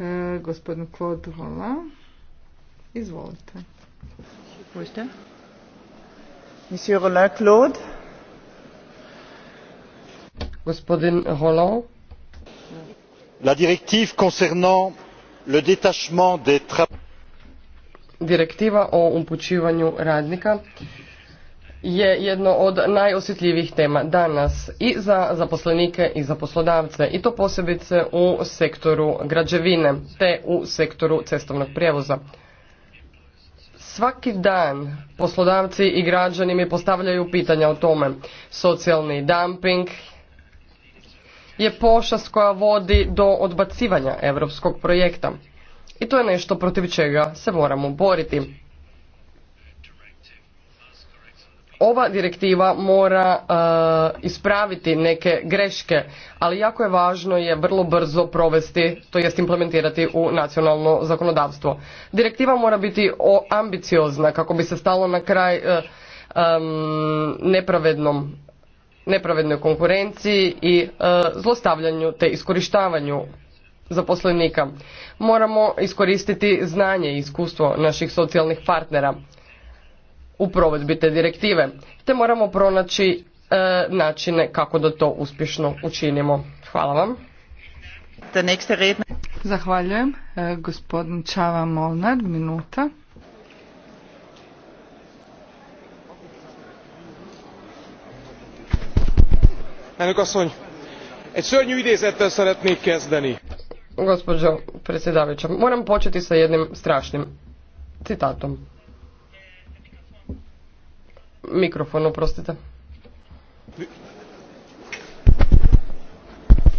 E, gospodin Claude Rola. Izvolite. Možete? Monsieur Rola Claude. Gospodin Roland. La directive concernant le détachement des Direktiva o upućivanju radnika je jedno od najosjetljivijih tema danas i za zaposlenike i za poslodavce i to posebice u sektoru građevine te u sektoru cestovnog prijevoza. Svaki dan poslodavci i građani mi postavljaju pitanja o tome. Socijalni dumping je pošast koja vodi do odbacivanja europskog projekta. I to je nešto protiv čega se moramo boriti. ova direktiva mora e, ispraviti neke greške, ali jako je važno je vrlo brzo provesti, to jest implementirati u nacionalno zakonodavstvo. Direktiva mora biti o, ambiciozna kako bi se stalo na kraj e, nepravednom nepravednoj konkurenciji i e, zlostavljanju te iskorištavanju zaposlenika. Moramo iskoristiti znanje i iskustvo naših socijalnih partnera u provedbi te direktive, te moramo pronaći e, načine kako da to uspješno učinimo. Hvala vam. Zahvaljujem. E, gospodin Čava Molnar, minuta. Elnök asszony, egy szörnyű szeretnék kezdeni. Gospođo predsjedavajuća, moram početi sa jednim strašnim citatom. Mikrofon, oprostite.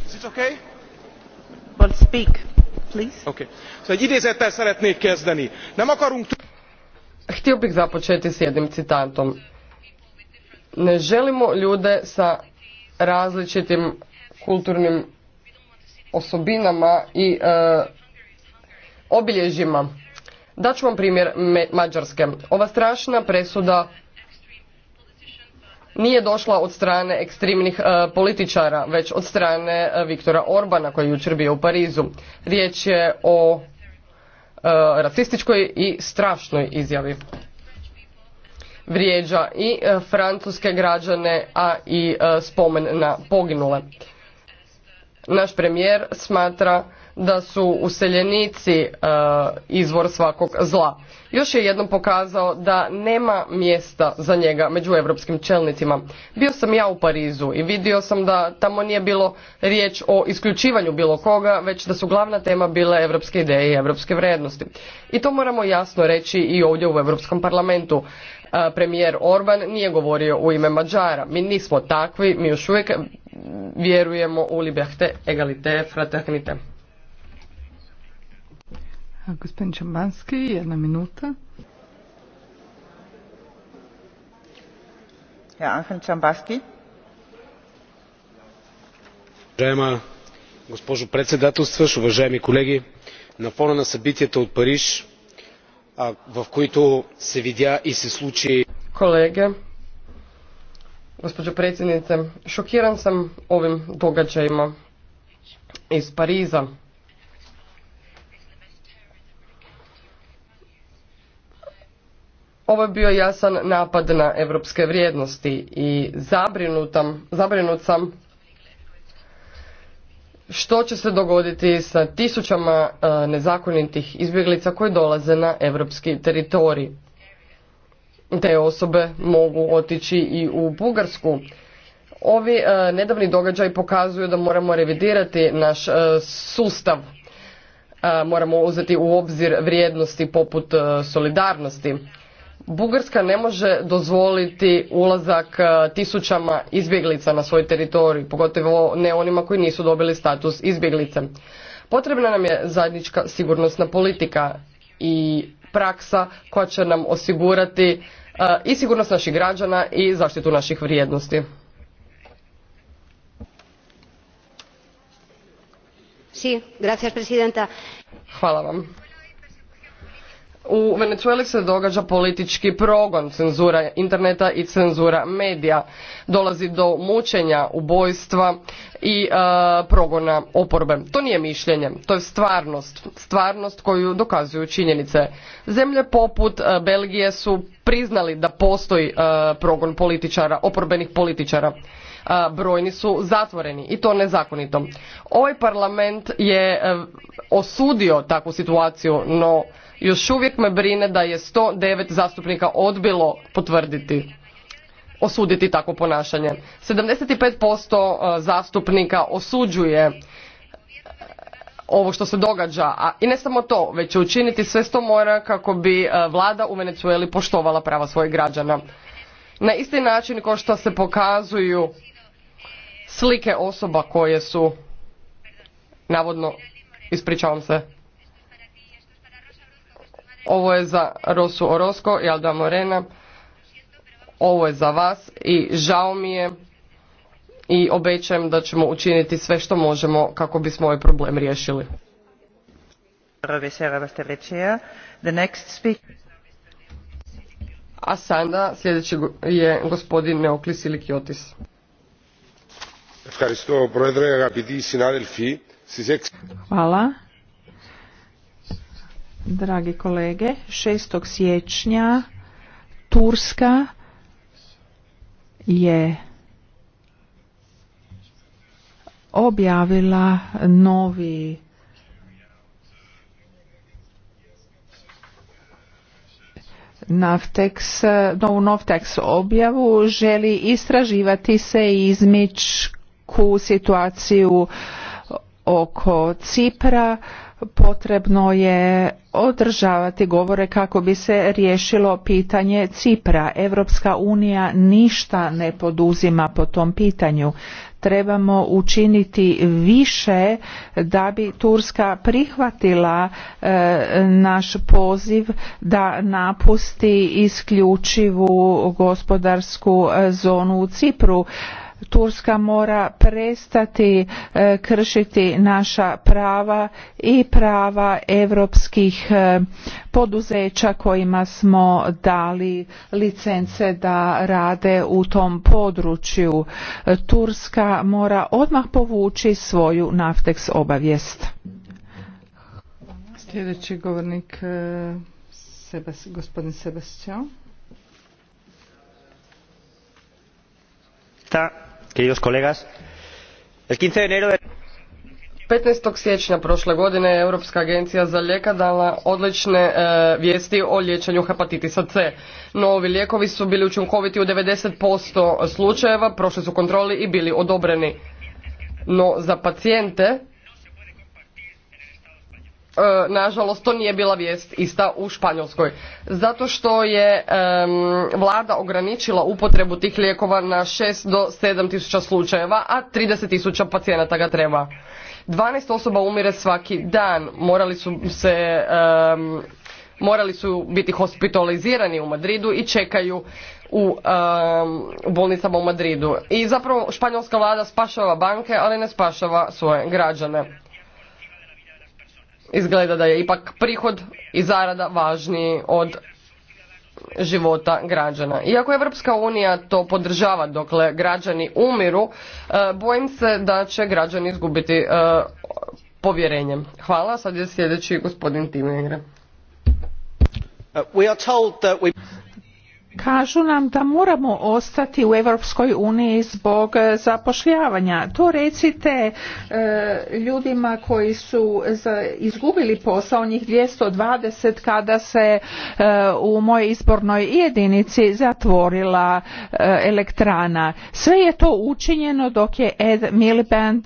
Is it okay? Well, speak, please. Okay. So, egy szeretnék kezdeni. Nem akarunk... Htio bih započeti s jednim citatom. Ne želimo ljude sa različitim kulturnim osobinama i e, obilježjima. Daću vam primjer Mađarske. Ova strašna presuda nije došla od strane ekstremnih e, političara, već od strane e, Viktora Orbana koji je jučer bio u Parizu. Riječ je o e, rasističkoj i strašnoj izjavi vrijeđa i francuske građane, a i spomen na poginule. Naš premijer smatra da su useljenici e, izvor svakog zla. Još je jednom pokazao da nema mjesta za njega među europskim čelnicima. Bio sam ja u Parizu i vidio sam da tamo nije bilo riječ o isključivanju bilo koga, već da su glavna tema bile europske ideje i europske vrijednosti. I to moramo jasno reći i ovdje u Europskom parlamentu. E, premijer Orban nije govorio u ime Mađara. Mi nismo takvi, mi još uvijek vjerujemo u libehte egalite fraternité. Gospodin Čambanski, jedna minuta. Ja, Anhan Čambanski. Žajma, gospodin predsjedatelstva, uvaženi kolegi, na fona na sabitjeta od Pariž, v kojito se vidja i se sluči... Kolege, gospodin predsjednice, šokiran sam ovim događajima iz Pariza. Ovo je bio jasan napad na europske vrijednosti i zabrinut sam što će se dogoditi sa tisućama e, nezakonitih izbjeglica koje dolaze na europski teritorij. Te osobe mogu otići i u Bugarsku. Ovi e, nedavni događaj pokazuju da moramo revidirati naš e, sustav. Moramo uzeti u obzir vrijednosti poput solidarnosti Bugarska ne može dozvoliti ulazak e, tisućama izbjeglica na svoj teritorij, pogotovo ne onima koji nisu dobili status izbjeglice. Potrebna nam je zajednička sigurnosna politika i praksa koja će nam osigurati e, i sigurnost naših građana i zaštitu naših vrijednosti. Hvala vam. U Venezueli se događa politički progon, cenzura interneta i cenzura medija. Dolazi do mučenja, ubojstva i e, progona oporbe. To nije mišljenje, to je stvarnost. Stvarnost koju dokazuju činjenice. Zemlje poput e, Belgije su priznali da postoji e, progon političara, oporbenih političara brojni su zatvoreni i to nezakonito. Ovaj parlament je e, osudio takvu situaciju, no još uvijek me brine da je 109 zastupnika odbilo potvrditi osuditi takvo ponašanje. 75% e, zastupnika osuđuje e, ovo što se događa, a i ne samo to, već će učiniti sve što mora kako bi vlada u Venezueli poštovala prava svojih građana. Na isti način kao što se pokazuju slike osoba koje su navodno ispričavam se ovo je za Rosu Orozko i Alda Morena ovo je za vas i žao mi je i obećajem da ćemo učiniti sve što možemo kako bismo ovaj problem riješili. A sada sljedeći je gospodin Neoklis Ilikiotis. Hvala. Dragi kolege, 6. siječnja Turska je objavila novi Naftex, objavu želi istraživati se izmič u situaciju oko Cipra potrebno je održavati govore kako bi se riješilo pitanje Cipra. Europska unija ništa ne poduzima po tom pitanju. Trebamo učiniti više da bi Turska prihvatila e, naš poziv da napusti isključivu gospodarsku e, zonu u Cipru. Turska mora prestati e, kršiti naša prava i prava europskih e, poduzeća kojima smo dali licence da rade u tom području. E, Turska mora odmah povući svoju Naftex obavijest. Sljedeći govornik gospodin Sebastian queridos 15 siječnja prošle godine Europska agencija za lijeka dala odlične e, vijesti o liječenju hepatitisa C. Novi lijekovi su bili učinkoviti u 90% slučajeva, prošli su kontroli i bili odobreni. No za pacijente E, nažalost to nije bila vijest ista u Španjolskoj. Zato što je vlada ograničila upotrebu tih lijekova na 6 do 7 tisuća slučajeva, a 30 tisuća pacijenata ga treba. 12 osoba umire svaki dan, morali su se... morali su biti hospitalizirani u Madridu i čekaju u bolnicama u Madridu. I zapravo španjolska vlada spašava banke, ali ne spašava svoje građane izgleda da je ipak prihod i zarada važniji od života građana. Iako Evropska unija to podržava dokle građani umiru, e, bojim se da će građani izgubiti e, povjerenje. Hvala, sad je sljedeći gospodin Timegre. Uh, Kažu nam da moramo ostati u Europskoj uniji zbog e, zapošljavanja. To recite e, ljudima koji su izgubili posao, njih 220 kada se e, u mojoj izbornoj jedinici zatvorila elektrana. Sve je to učinjeno dok je Ed Miliband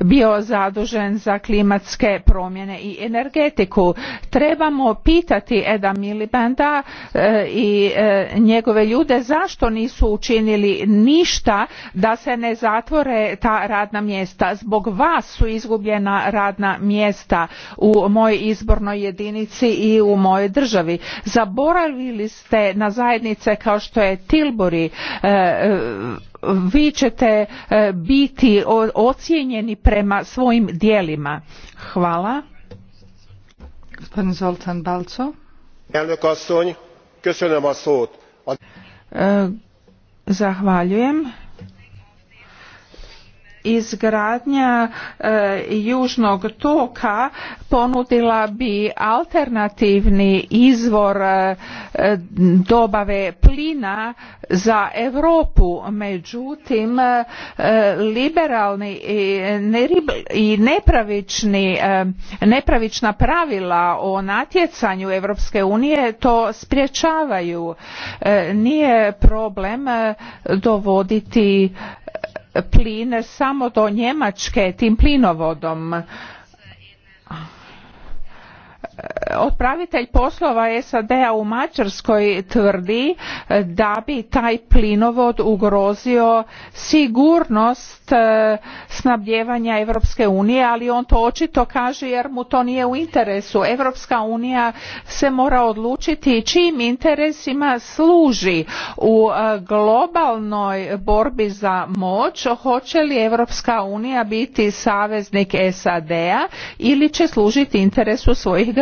bio zadužen za klimatske promjene i energetiku. Trebamo pitati Eda Milibanda i njegove ljude zašto nisu učinili ništa da se ne zatvore ta radna mjesta. Zbog vas su izgubljena radna mjesta u mojoj izbornoj jedinici i u mojoj državi. Zaboravili ste na zajednice kao što je Tilbury, e, e, vi ćete e, biti ocijenjeni prema svojim dijelima. Hvala. Gospodin Zoltan Balco. Zahvaljujem izgradnja e, južnog toka ponudila bi alternativni izvor e, dobave plina za Europu međutim e, liberalni i, nepravični nepravična pravila o natjecanju Europske unije to sprječavaju nije problem dovoditi plin samo do Njemačke tim plinovodom upravitelj poslova SAD-a u Mađarskoj tvrdi e, da bi taj plinovod ugrozio sigurnost e, snabdijevanja Europske unije, ali on to očito kaže jer mu to nije u interesu. Europska unija se mora odlučiti čijim interesima služi u e, globalnoj borbi za moć. Hoće li Europska unija biti saveznik SAD-a ili će služiti interesu svojih građana?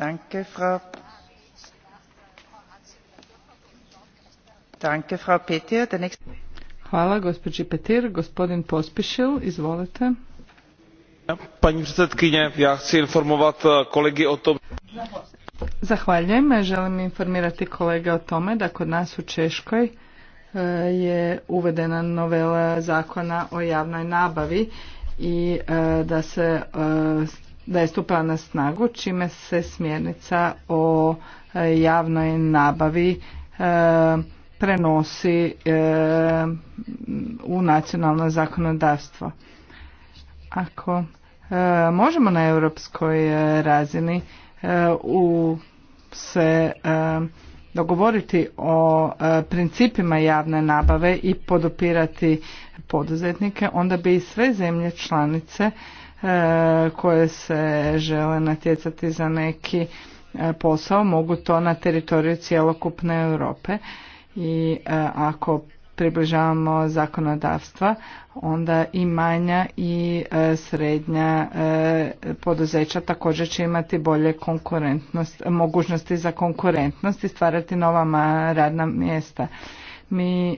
Danke, Frau. Danke, Hvala, Petir. Gospodin Pospišil, izvolite. chci informovat e, kolegi o tom... Zahvaljujem. Želim informirati kolege o tome da kod nas u Češkoj e, je uvedena novela zakona o javnoj nabavi i e, da se da je stupila na snagu čime se smjernica o e, javnoj nabavi e, prenosi e, u nacionalno zakonodavstvo. Ako možemo na europskoj razini u se dogovoriti o principima javne nabave i podopirati poduzetnike, onda bi sve zemlje članice E, koje se žele natjecati za neki e, posao mogu to na teritoriju cjelokupne Europe i e, ako približavamo zakonodavstva onda i manja i srednja poduzeća također će imati bolje konkurentnost, mogućnosti za konkurentnost i stvarati nova radna mjesta. Mi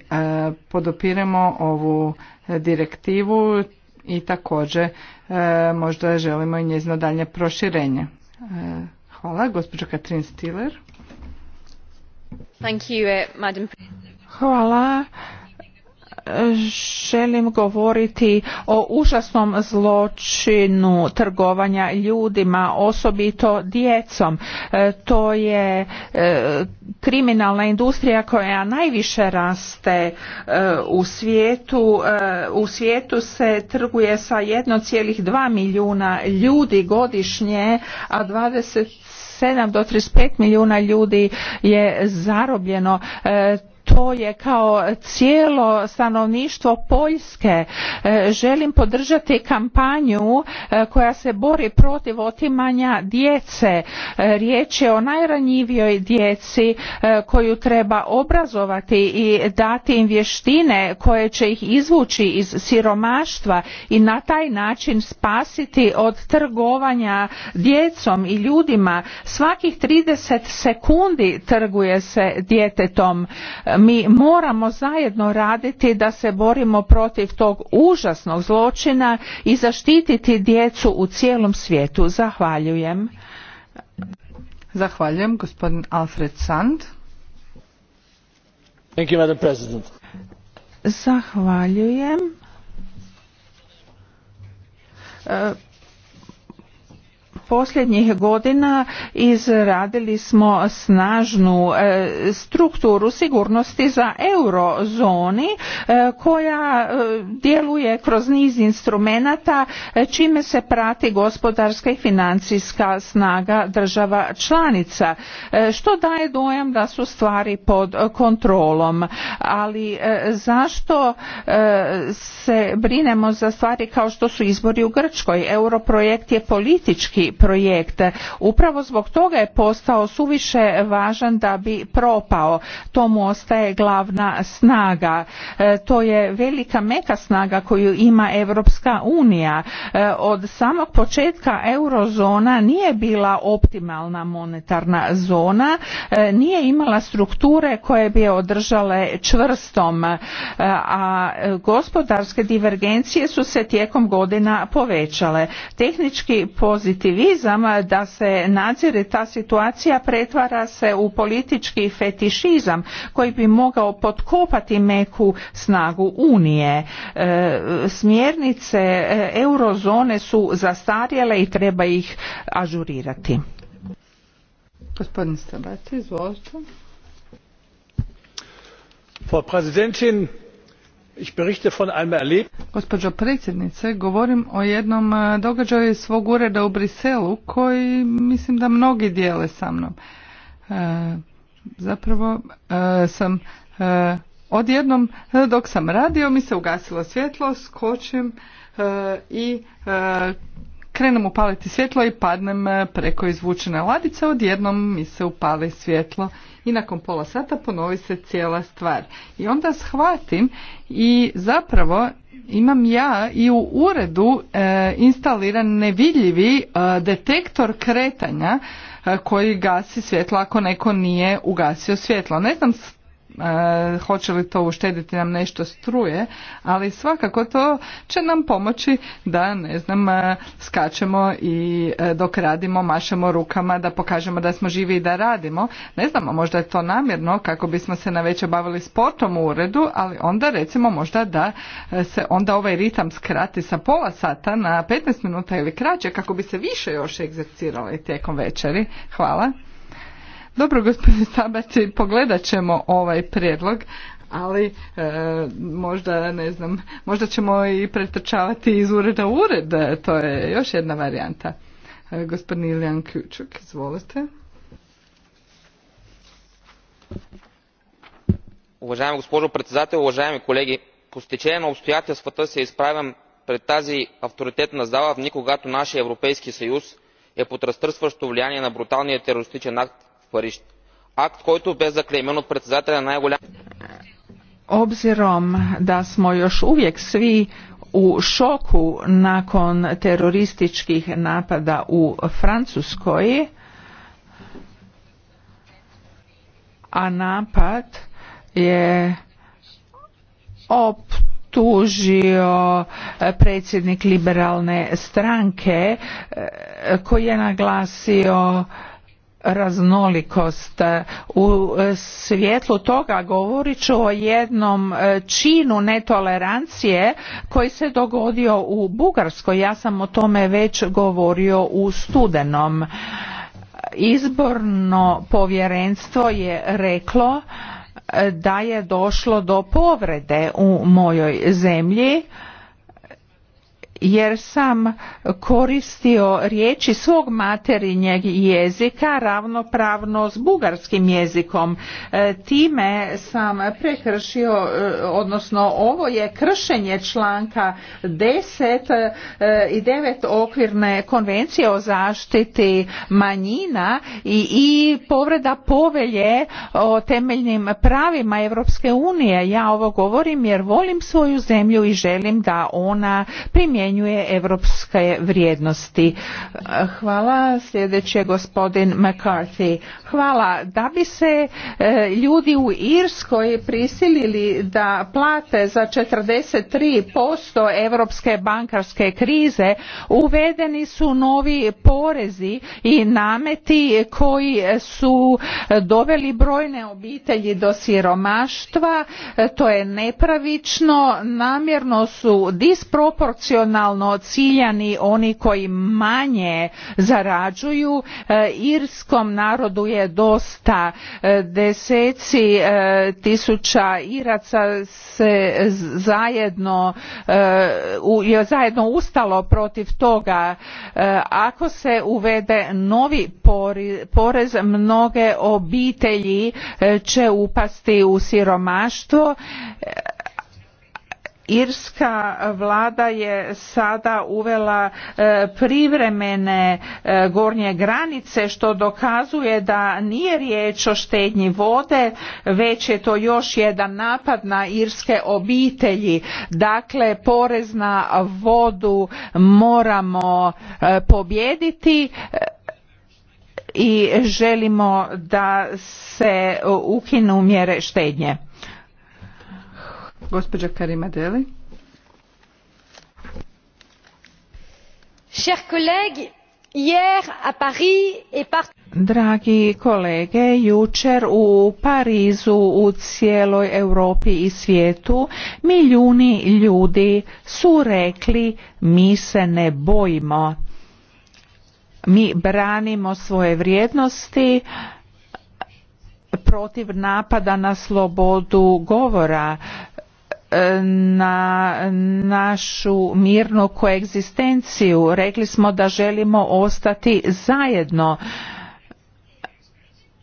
podopiremo ovu direktivu i također e, možda želimo i njezino daljnje proširenje. E, hvala, gospođo Katrin Stiller. Thank you, eh, madam. Hvala želim govoriti o užasnom zločinu trgovanja ljudima, osobito djecom. E, to je e, kriminalna industrija koja najviše raste e, u svijetu. U svijetu se trguje sa 1,2 milijuna ljudi godišnje, a 20 do 35 milijuna ljudi je zarobljeno to je kao cijelo stanovništvo Poljske. E, želim podržati kampanju e, koja se bori protiv otimanja djece. E, riječ je o najranjivijoj djeci koju treba obrazovati i dati im vještine koje će ih izvući iz siromaštva i na taj način spasiti od trgovanja djecom i ljudima. Svakih 30 sekundi trguje se djetetom mi moramo zajedno raditi da se borimo protiv tog užasnog zločina i zaštititi djecu u cijelom svijetu. Zahvaljujem. Zahvaljujem, gospodin Alfred Sand. Thank Zahvaljujem. E, posljednjih godina izradili smo snažnu e, strukturu sigurnosti za eurozoni e, koja e, djeluje kroz niz instrumenata čime se prati gospodarska i financijska snaga država članica što daje dojam da su stvari pod kontrolom ali zašto se brinemo za stvari kao što su izbori u Grčkoj europrojekt je politički projekt. Upravo zbog toga je postao suviše važan da bi propao. Tomu ostaje glavna snaga. E, to je velika meka snaga koju ima Europska unija. E, od samog početka eurozona nije bila optimalna monetarna zona, e, nije imala strukture koje bi je održale čvrstom, a gospodarske divergencije su se tijekom godina povećale. Tehnički pozitiv izama da se nadzire ta situacija pretvara se u politički fetišizam koji bi mogao potkopati meku snagu Unije. E, smjernice e, eurozone su zastarjele i treba ih ažurirati. Gospodin Gospođo predsjednice, govorim o jednom e, događaju iz svog ureda u Briselu koji mislim da mnogi dijele sa mnom. E, zapravo e, sam odjednom dok sam radio mi se ugasilo svjetlo, skočim i krenem upaliti svjetlo i padnem e, preko izvučene ladice, odjednom mi se upali svjetlo i nakon pola sata ponovi se cijela stvar. I onda shvatim i zapravo imam ja i u uredu e, instaliran nevidljivi e, detektor kretanja koji gasi svjetlo ako neko nije ugasio svjetlo. Ne znam E, hoće li to uštediti nam nešto struje, ali svakako to će nam pomoći da ne znam e, skačemo i e, dok radimo mašemo rukama da pokažemo da smo živi i da radimo. Ne znamo, možda je to namjerno kako bismo se na veće bavili sportom u uredu, ali onda recimo možda da se onda ovaj ritam skrati sa pola sata na 15 minuta ili kraće kako bi se više još egzercirali tijekom večeri. Hvala. Dobro, gospodine Sabaci, pogledat ćemo ovaj prijedlog, ali e, možda, ne znam, možda ćemo i pretrčavati iz ureda u ured, to je još jedna varijanta. E, gospodin Ilijan Ključuk, izvolite. Уважаеми госпожо председател, уважаеми колеги, по стечение на обстоятелствата се изправям пред тази авторитетна зала в никогато когато нашия Европейски съюз е под разтърсващо влияние на бруталния терористичен акт akt koji който бе заклеймен Obzirom da smo još uvijek svi u šoku nakon terorističkih napada u Francuskoj, a napad je optužio e, predsjednik liberalne stranke e, koji je naglasio raznolikost. U e, svjetlu toga govorit ću o jednom e, činu netolerancije koji se dogodio u Bugarskoj. Ja sam o tome već govorio u studenom. Izborno povjerenstvo je reklo e, da je došlo do povrede u mojoj zemlji jer sam koristio riječi svog materinjeg jezika ravnopravno s bugarskim jezikom. E, time sam prekršio, e, odnosno ovo je kršenje članka 10 e, i 9 okvirne konvencije o zaštiti manjina i, povreda povelje o temeljnim pravima Europske unije. Ja ovo govorim jer volim svoju zemlju i želim da ona primjenjuje primjenjuje europske vrijednosti. Hvala. Sljedeći gospodin McCarthy. Hvala. Da bi se e, ljudi u Irskoj prisilili da plate za 43% europske bankarske krize uvedeni su novi porezi i nameti koji su doveli brojne obitelji do siromaštva. E, to je nepravično, namjerno su disproporcionalni, nacionalno ciljani oni koji manje zarađuju e, irskom narodu je dosta e, deseci e, tisuća iraca se zajedno zajedno ustalo protiv toga ako se uvede novi porez mnoge obitelji će upasti u siromaštvo Irska vlada je sada uvela e, privremene e, gornje granice što dokazuje da nije riječ o štednji vode već je to još jedan napad na irske obitelji. Dakle, porez na vodu moramo e, pobijediti i želimo da se ukinu mjere štednje. Gospođa Karima Deli. Chers collègues, hier à Paris et Dragi kolege, jučer u Parizu, u cijeloj Europi i svijetu, milijuni ljudi su rekli mi se ne bojimo. Mi branimo svoje vrijednosti protiv napada na slobodu govora na našu mirnu koegzistenciju. Rekli smo da želimo ostati zajedno.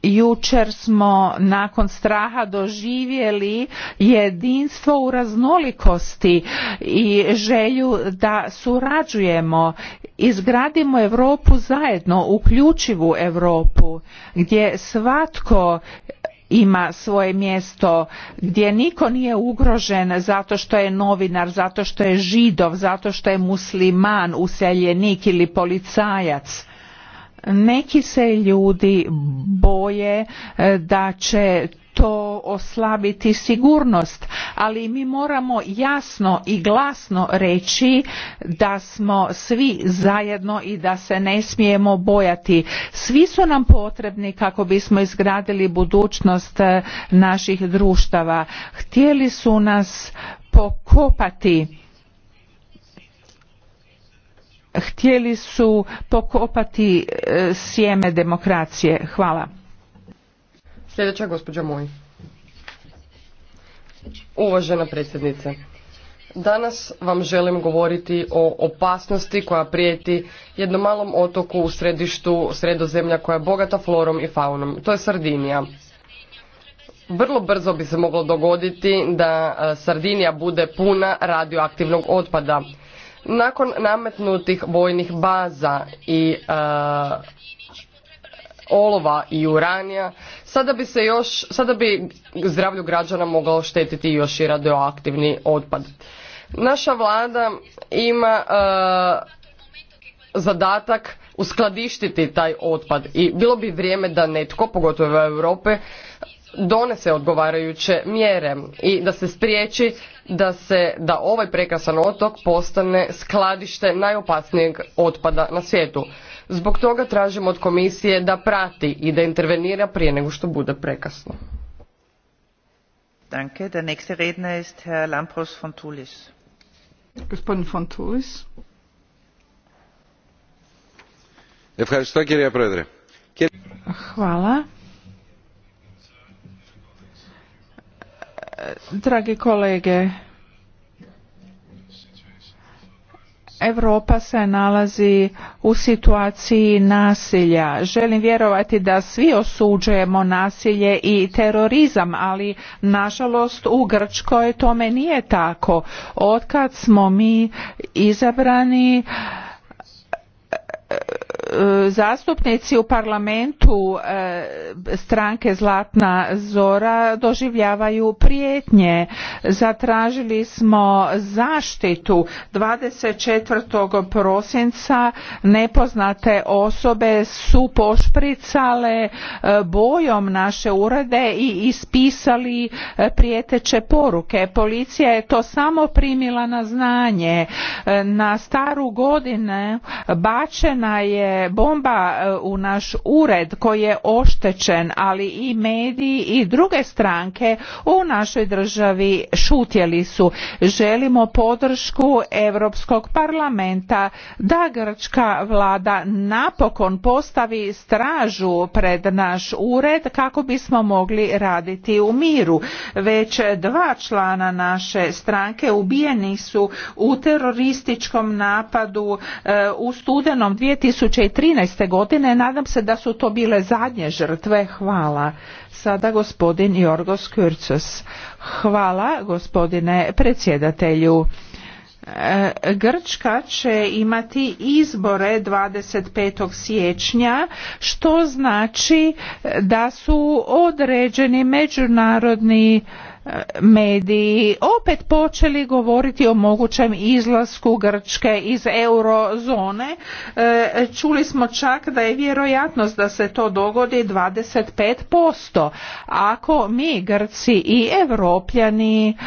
Jučer smo nakon straha doživjeli jedinstvo u raznolikosti i želju da surađujemo. Izgradimo Europu zajedno, uključivu Europu, gdje svatko ima svoje mjesto gdje niko nije ugrožen zato što je novinar zato što je židov zato što je musliman useljenik ili policajac neki se ljudi boje eh, da će to oslabiti sigurnost ali mi moramo jasno i glasno reći da smo svi zajedno i da se ne smijemo bojati svi su nam potrebni kako bismo izgradili budućnost e, naših društava htjeli su nas pokopati htjeli su pokopati e, sjeme demokracije hvala Sljedeća gospođa Moj. Uvažena predsjednice, danas vam želim govoriti o opasnosti koja prijeti jednom malom otoku u središtu sredozemlja koja je bogata florom i faunom. To je Sardinija. Vrlo brzo bi se moglo dogoditi da e, Sardinija bude puna radioaktivnog otpada. Nakon nametnutih vojnih baza i e, olova i uranija, sada bi se još, sada bi zdravlju građana mogao štetiti još i radioaktivni otpad. Naša vlada ima e, zadatak uskladištiti taj otpad i bilo bi vrijeme da netko, pogotovo Europe, donese odgovarajuće mjere i da se spriječi da se da ovaj prekrasan otok postane skladište najopasnijeg otpada na svijetu. Zbog toga tražimo od komisije da prati i da intervenira prije nego što bude prekasno. Danke. Der nächste Redner ist Herr Lampros von Tulis. Gospodin von Tulis. Hvala. Dragi kolege, Europa se nalazi u situaciji nasilja. Želim vjerovati da svi osuđujemo nasilje i terorizam, ali nažalost u Grčkoj tome nije tako. Otkad smo mi izabrani zastupnici u parlamentu e, stranke Zlatna Zora doživljavaju prijetnje. Zatražili smo zaštitu 24. prosinca nepoznate osobe su pošpricale e, bojom naše urede i ispisali e, prijeteće poruke. Policija je to samo primila na znanje. Na staru godinu bačena je bomba e, u naš ured koji je oštećen ali i mediji i druge stranke u našoj državi šutjeli su želimo podršku europskog parlamenta da grčka vlada napokon postavi stražu pred naš ured kako bismo mogli raditi u miru već dva člana naše stranke ubijeni su u terorističkom napadu e, u studenom 2000 2013. godine. Nadam se da su to bile zadnje žrtve. Hvala. Sada gospodin Jorgos Kyrcos. Hvala gospodine predsjedatelju. E, Grčka će imati izbore 25. siječnja što znači da su određeni međunarodni mediji opet počeli govoriti o mogućem izlasku Grčke iz eurozone. E, čuli smo čak da je vjerojatnost da se to dogodi 25%. Ako mi Grci i Evropljani e,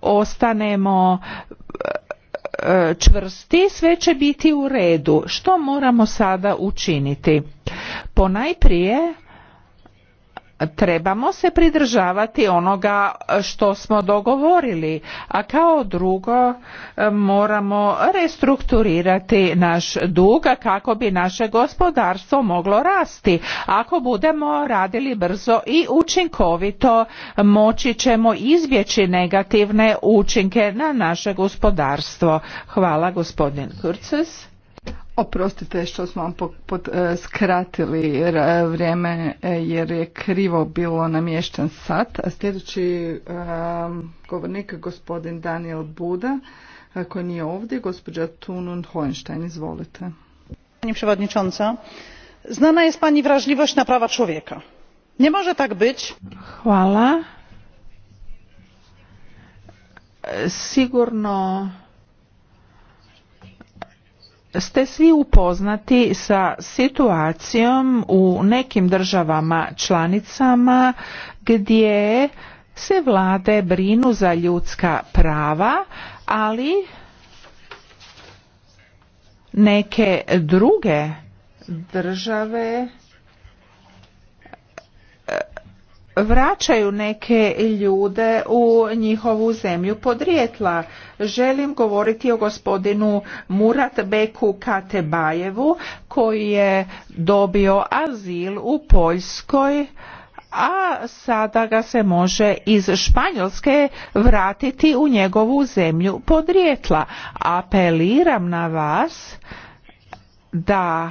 ostanemo e, čvrsti, sve će biti u redu. Što moramo sada učiniti? Ponajprije trebamo se pridržavati onoga što smo dogovorili a kao drugo e, moramo restrukturirati naš dug kako bi naše gospodarstvo moglo rasti ako budemo radili brzo i učinkovito moći ćemo izbjeći negativne učinke na naše gospodarstvo hvala gospodin Kurces Oprostite što smo vam e, skratili vrijeme e, jer je krivo bilo namješten sat. A sljedeći e, govornik je gospodin Daniel Buda koji nije ovdje. Gospođa Tunun Hohenstein, izvolite. Pani przewodnicząca, znana je pani wrażliwość na prawa człowieka. Nie może tak być. Hvala. Sigurno ste svi upoznati sa situacijom u nekim državama članicama gdje se vlade brinu za ljudska prava, ali neke druge države vraćaju neke ljude u njihovu zemlju podrijetla. Želim govoriti o gospodinu Murat Beku Katebajevu koji je dobio azil u Poljskoj a sada ga se može iz Španjolske vratiti u njegovu zemlju podrijetla. Apeliram na vas da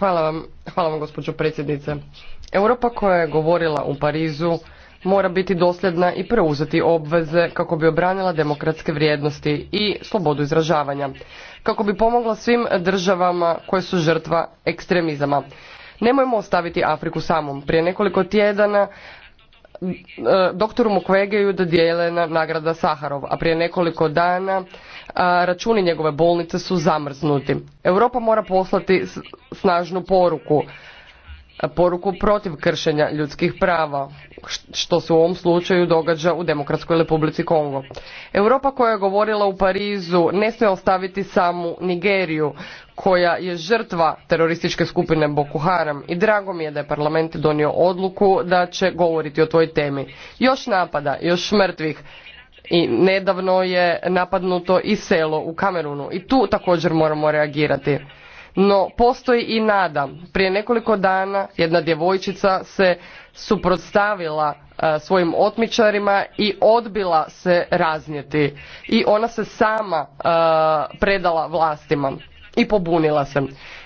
Hvala vam, gospođo predsjednice. Europa koja je govorila u Parizu mora biti dosljedna i preuzeti obveze kako bi obranila demokratske vrijednosti i slobodu izražavanja, kako bi pomogla svim državama koje su žrtva ekstremizama. Nemojmo ostaviti Afriku samom. Prije nekoliko tjedana doktoru Mukwegeju dodijeljena nagrada Saharov, a prije nekoliko dana računi njegove bolnice su zamrznuti. Europa mora poslati snažnu poruku poruku protiv kršenja ljudskih prava što se u ovom slučaju događa u Demokratskoj Republici Kongo. Europa koja je govorila u Parizu ne smije ostaviti samu Nigeriju koja je žrtva terorističke skupine Boko Haram i drago mi je da je parlament donio odluku da će govoriti o toj temi. Još napada, još mrtvih i nedavno je napadnuto i selo u Kamerunu i tu također moramo reagirati. No, postoji i nada. Prije nekoliko dana jedna djevojčica se suprotstavila e, svojim otmičarima i odbila se raznijeti. I ona se sama e, predala vlastima i pobunila se.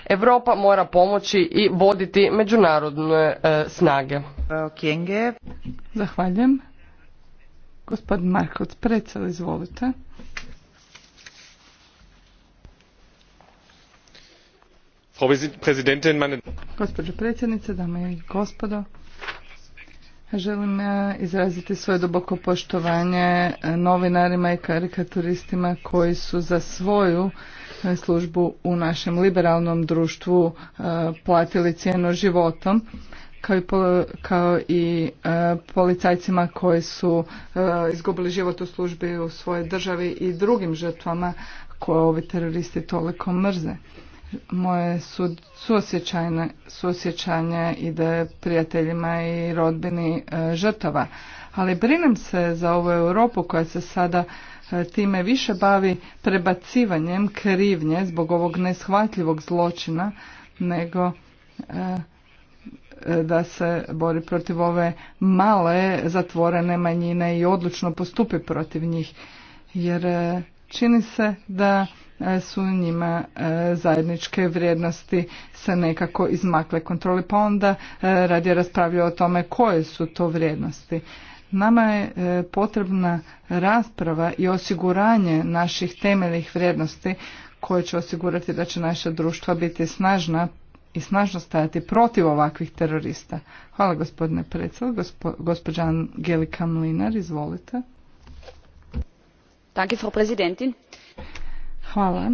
Europa mora pomoći i voditi međunarodne e, snage. Zahvaljujem. gospod izvolite. Gospođo predsjednice, dame i gospodo, želim e, izraziti svoje duboko poštovanje e, novinarima i karikaturistima koji su za svoju e, službu u našem liberalnom društvu platili cijenu životom kao i, policajcima koji su izgubili život u službi u svojoj državi i drugim žrtvama koje ovi teroristi toliko mrze moje sud, suosjećanje ide prijateljima i rodbini e, žrtava. Ali brinem se za ovu Europu koja se sada e, time više bavi prebacivanjem krivnje zbog ovog neshvatljivog zločina nego e, e, da se bori protiv ove male zatvorene manjine i odlučno postupi protiv njih. Jer čini se da E, su njima e, zajedničke vrijednosti se nekako izmakle kontroli, pa onda e, radije raspravljaju o tome koje su to vrijednosti. Nama je potrebna rasprava i osiguranje naših temeljnih vrijednosti koje će osigurati da će naša društva biti snažna i snažno stajati protiv ovakvih terorista. Hvala gospodine predsjed, gospođa Angelika Mlinar, izvolite. Danke, Frau Präsidentin. Hvala.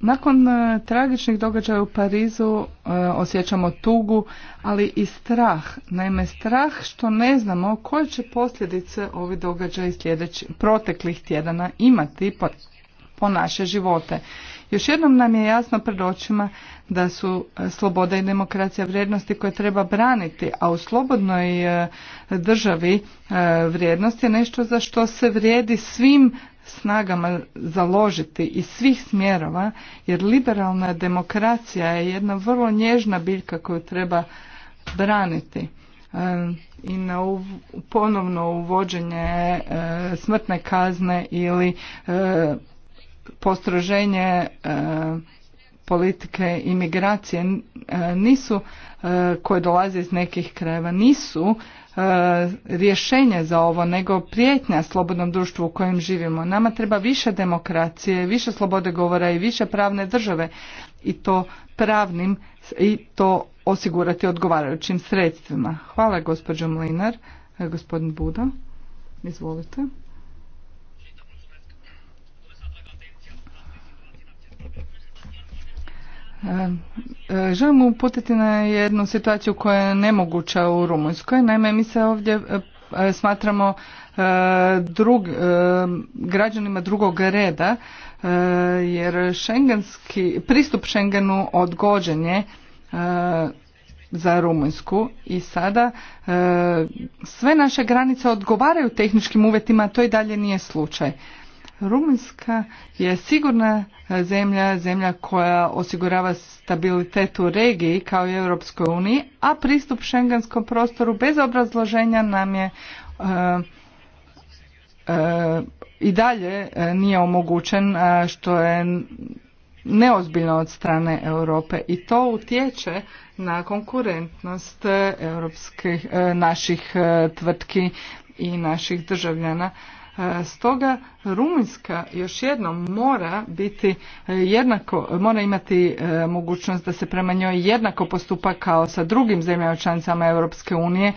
Nakon e, tragičnih događaja u Parizu e, osjećamo tugu, ali i strah. Naime, strah što ne znamo koje će posljedice ovi događaji sljedeći, proteklih tjedana imati po, po naše živote. Još jednom nam je jasno pred očima da su e, sloboda i demokracija vrijednosti koje treba braniti, a u slobodnoj državi vrijednost je nešto za što se vrijedi svim snagama založiti iz svih smjerova jer liberalna demokracija je jedna vrlo nježna biljka koju treba braniti e, i na ponovno uvođenje e, smrtne kazne ili e, postroženje politike imigracije nisu koje dolaze iz nekih krajeva nisu E, rješenje za ovo nego prijetnja slobodnom društvu u kojem živimo. Nama treba više demokracije, više slobode govora i više pravne države i to pravnim i to osigurati odgovarajućim sredstvima. Hvala gospođo Mlinar, e, gospodin Buda. Izvolite. E, e, želim uputiti na jednu situaciju koja je nemoguća u Rumunjskoj. Naime, mi se ovdje e, smatramo drug, građanima drugog reda jer šengenski, pristup Schengenu odgođen je za Rumunjsku i sada sve naše granice odgovaraju tehničkim uvjetima, a to i dalje nije slučaj. Rumunjska je sigurna zemlja, zemlja koja osigurava stabilitet u regiji kao i Europskoj uniji, a pristup šengenskom prostoru bez obrazloženja nam je e, e, i dalje e, nije omogućen, što je neozbiljno od strane Europe i to utječe na konkurentnost europskih, naših tvrtki i naših državljana E, stoga Rumunjska još jednom mora biti e, jednako, mora imati e, mogućnost da se prema njoj jednako postupa kao sa drugim zemljama članicama Europske unije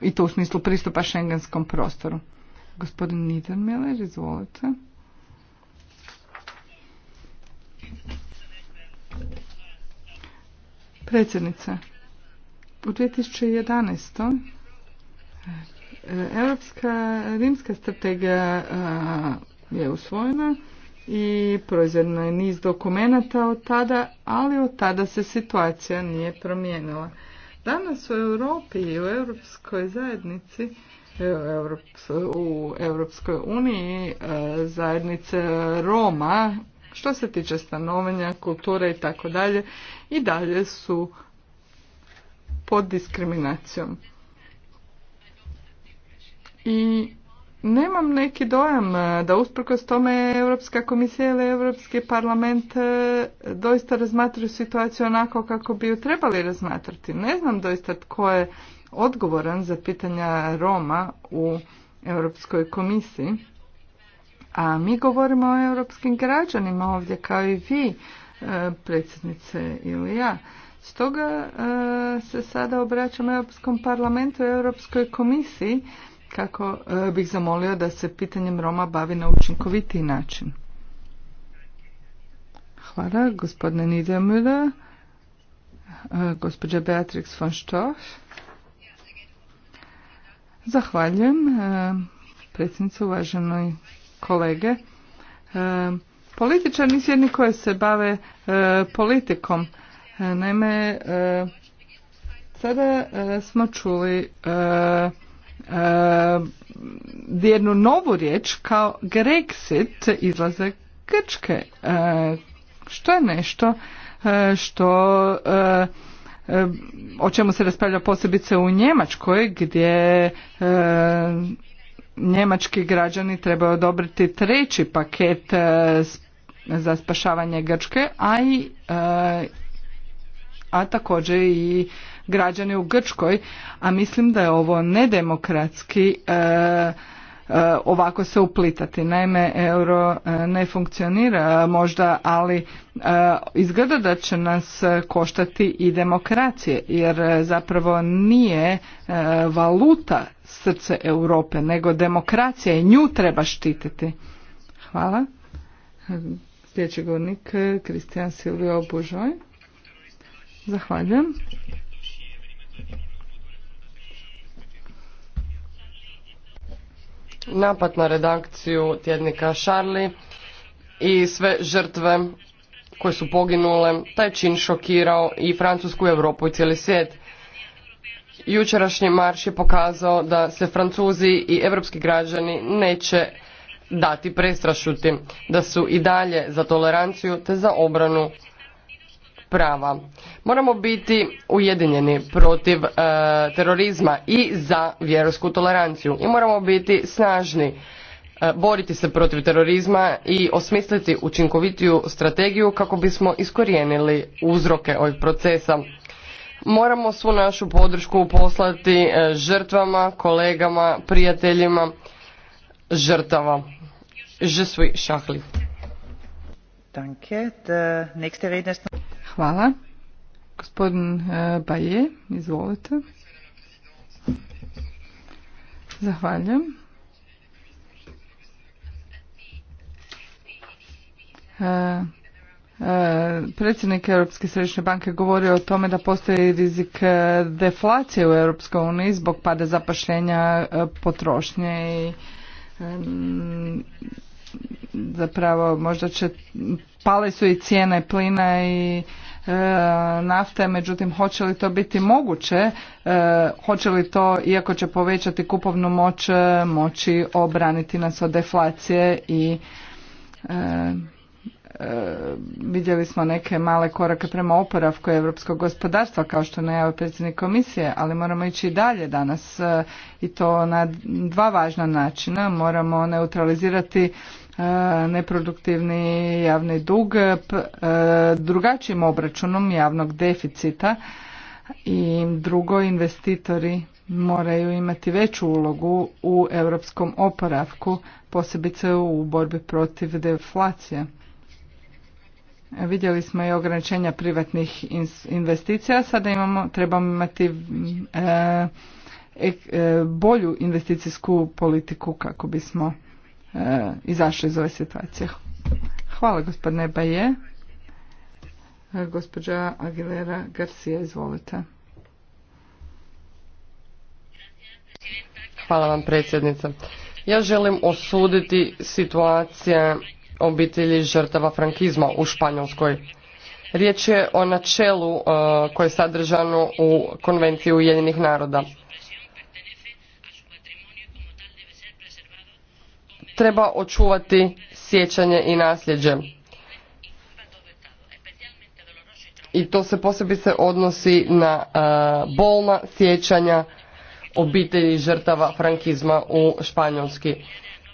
i to u smislu pristupa šengenskom prostoru. Gospodin izvolite. Predsjednica, u 2011. Europska rimska strategija je usvojena i proizvedno je niz dokumenata od tada, ali od tada se situacija nije promijenila. Danas u Europi i u Europskoj zajednici e, u Europskoj uniji e, zajednice Roma što se tiče stanovanja, kulture i tako dalje i dalje su pod diskriminacijom. I nemam neki dojam e, da usprkos tome Europska komisija ili Europski parlament e, doista razmatraju situaciju onako kako bi ju trebali razmatrati. Ne znam doista tko je odgovoran za pitanja Roma u Europskoj komisiji. A mi govorimo o europskim građanima ovdje kao i vi, e, predsjednice ili ja. Stoga se sada obraćam Europskom parlamentu i Europskoj komisiji kako e, bih zamolio da se pitanjem Roma bavi na učinkovitiji način. Hvala, gospodine Nidemüller, e, gospođa Beatrix von Stoff. Zahvaljujem, e, predsjednicu, uvaženoj kolege. Političani su jedni koji se bave politikom. Naime, sada smo čuli jednu novu riječ kao Grexit izlaze Grčke, e, što je nešto e, što e, o čemu se raspravlja posebice u Njemačkoj gdje njemački građani trebaju odobriti treći paket za spašavanje Grčke, a i a također i građani u Grčkoj, a mislim da je ovo nedemokratski e, e, ovako se uplitati. Naime, euro e, ne funkcionira možda, ali izgleda da će nas koštati i demokracije, jer zapravo nije valuta srce Europe, nego demokracija i nju treba štititi. Hvala. Sljedeći govornik, Kristijan Silvio Bužoj. Zahvaljujem. napad na redakciju tjednika Charlie i sve žrtve koje su poginule, taj čin šokirao i Francusku, Europu i cijeli svijet. Jučerašnji marš je pokazao da se Francuzi i europski građani neće dati prestrašuti, da su i dalje za toleranciju te za obranu prava. Moramo biti ujedinjeni protiv e, terorizma i za vjerovsku toleranciju i moramo biti snažni e, boriti se protiv terorizma i osmisliti učinkovitiju strategiju kako bismo iskorijenili uzroke ovih procesa. Moramo svu našu podršku poslati e, žrtvama, kolegama, prijateljima žrtava. Je suis Danke. Hvala. Gospodin e, Baje, izvolite. Zahvaljujem. E, e, predsjednik Europske središnje banke govorio o tome da postoji rizik deflacije u Europskoj uniji zbog pada zapašljenja potrošnje i zapravo možda će pale su i cijene plina i e, nafte, međutim hoće li to biti moguće, e, hoće li to, iako će povećati kupovnu moć, e, moći obraniti nas od deflacije i e, vidjeli smo neke male korake prema oporavku europskog gospodarstva kao što najavio predsjednik komisije, ali moramo ići i dalje danas i to na dva važna načina. Moramo neutralizirati E, neproduktivni javni dug e, drugačijim obračunom javnog deficita i drugo investitori moraju imati veću ulogu u europskom oporavku, posebice u borbi protiv deflacije. E, vidjeli smo i ograničenja privatnih investicija, sada imamo, trebamo imati bolju investicijsku politiku kako bismo E, izašli iz ove situacije. Hvala gospodine Baje. E, Aguilera Garcia, izvolite. Hvala vam predsjednica. Ja želim osuditi situacije obitelji žrtava frankizma u Španjolskoj. Riječ je o načelu e, koje je sadržano u Konvenciji Ujedinjenih naroda. treba očuvati sjećanje i nasljeđe. I to se posebice odnosi na e, bolna sjećanja obitelji žrtava frankizma u Španjolski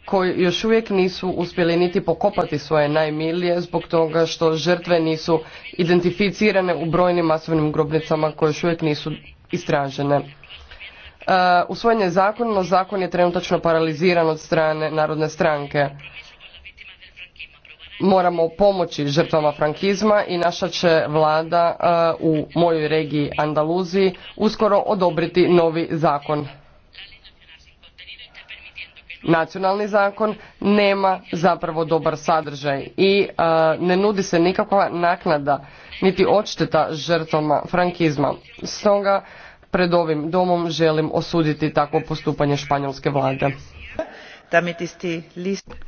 koji još uvijek nisu uspjeli niti pokopati svoje najmilije zbog toga što žrtve nisu identificirane u brojnim masovnim grobnicama koje još uvijek nisu istražene. E, usvojen je zakon, no zakon je trenutačno paraliziran od strane Narodne stranke. Moramo pomoći žrtvama frankizma i naša će vlada e, u mojoj regiji Andaluziji uskoro odobriti novi zakon. Nacionalni zakon nema zapravo dobar sadržaj i e, ne nudi se nikakva naknada niti odšteta žrtvama frankizma. Stoga pred ovim domom želim osuditi takvo postupanje španjolske vlade.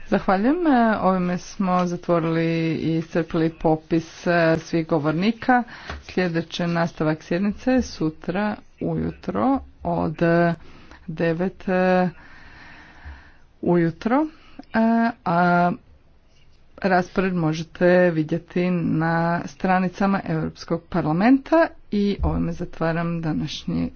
Zahvaljujem. E, ovime smo zatvorili i iscrpili popis e, svih govornika. sljedeće nastavak sjednice je sutra ujutro od 9 e, ujutro. A raspored možete vidjeti na stranicama Europskog parlamenta i ovime zatvaram današnji